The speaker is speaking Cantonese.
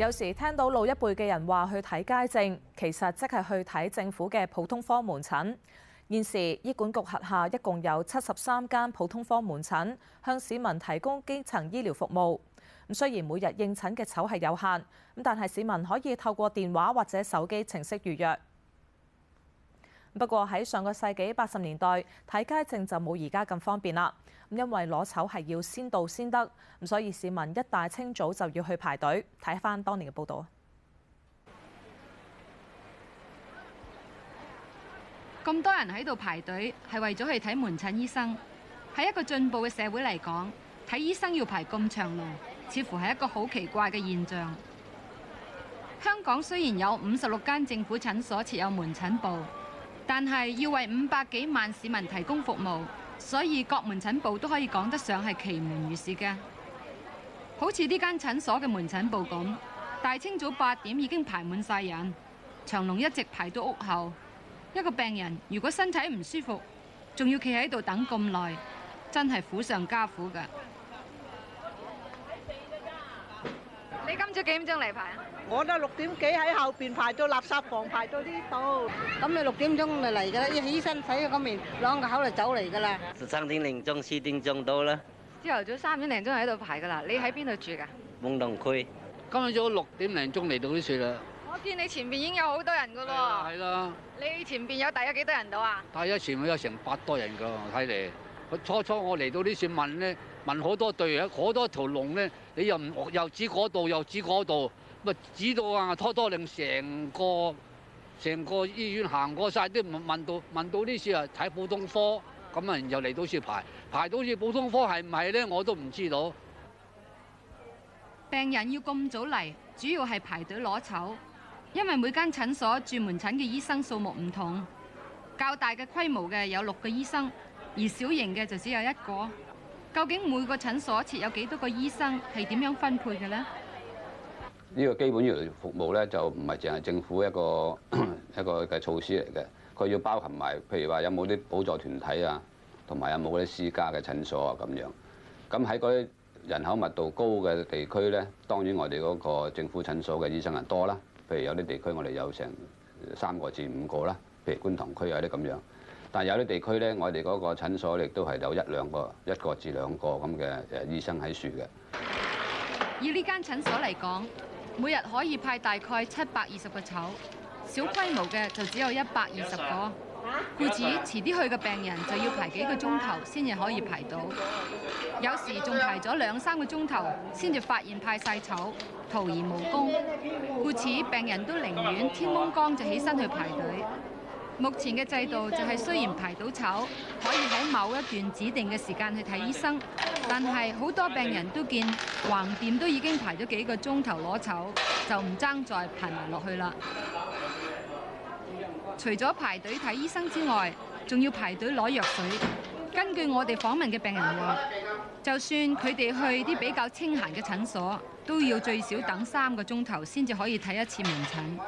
有時聽到老一輩嘅人話去睇街症，其實即係去睇政府嘅普通科門診。現時醫管局轄下一共有七十三間普通科門診，向市民提供基層醫療服務。咁雖然每日應診嘅籌係有限，咁但係市民可以透過電話或者手機程式預約。不過喺上個世紀八十年代，睇街症就冇而家咁方便啦。咁因為攞籌係要先到先得，咁所以市民一大清早就要去排隊。睇返當年嘅報導。咁多人喺度排隊係為咗去睇門診醫生，喺一個進步嘅社會嚟講，睇醫生要排咁長龍，似乎係一個好奇怪嘅現象。香港雖然有五十六間政府診所設有門診部。但係要為五百幾萬市民提供服務，所以各門診部都可以講得上係其門如市嘅。好似呢間診所嘅門診部咁，大清早八點已經排滿晒人，長龍一直排到屋後。一個病人如果身體唔舒服，仲要企喺度等咁耐，真係苦上加苦㗎。你今朝幾點鐘嚟排啊？我都六點幾喺後邊排到垃圾房，排到呢度。咁你六點鐘咪嚟噶啦？一起身洗咗個面，攞個口嚟走嚟噶啦。十三點零鐘、四點鐘到啦。朝頭早三點零鐘喺度排噶啦。你喺邊度住噶？望龍區。今日早六點零鐘嚟到呢處啦？我見你前邊已經有好多人噶咯。係咯。你前邊有大約幾多人到啊？大約全部有成百多人噶，睇嚟。佢初初我嚟到呢處問咧，問好多隊，好多條龍咧，你又唔又指嗰度又指嗰度，咁啊指到啊拖拖令成個成個醫院行過曬，都問問到問到呢處啊睇普通科，咁啊又嚟到處排排到處普通科係唔係咧，我都唔知道。病人要咁早嚟，主要係排隊攞籌，因為每間診所住門診嘅醫生數目唔同，較大嘅規模嘅有六個醫生。而小型嘅就只有一個，究竟每個診所設有幾多個醫生係點樣分配嘅咧？呢個基本醫療服務咧就唔係淨係政府一個 一個嘅措施嚟嘅，佢要包含埋，譬如話有冇啲補助團體啊，同埋有冇啲私家嘅診所啊咁樣。咁喺嗰啲人口密度高嘅地區咧，當然我哋嗰個政府診所嘅醫生啊多啦。譬如有啲地區我哋有成三個至五個啦，譬如觀塘區有啲咁樣。但有啲地區咧，我哋嗰個診所亦都係有一兩個、一個至兩個咁嘅誒醫生喺處嘅。以呢間診所嚟講，每日可以派大概七百二十個籌，小規模嘅就只有一百二十個。故此，遲啲去嘅病人就要排幾個鐘頭先至可以排到，有時仲排咗兩三個鐘頭先至發現派晒籌，徒然無功。故此，病人都寧願天蒙光就起身去排隊。目前嘅制度就係雖然排到籌，可以喺某一段指定嘅時間去睇醫生，但係好多病人都見橫掂都已經排咗幾個鐘頭攞籌，就唔爭在排埋落去啦。除咗排隊睇醫生之外，仲要排隊攞藥水。根據我哋訪問嘅病人話，就算佢哋去啲比較清閒嘅診所，都要最少等三個鐘頭先至可以睇一次門診。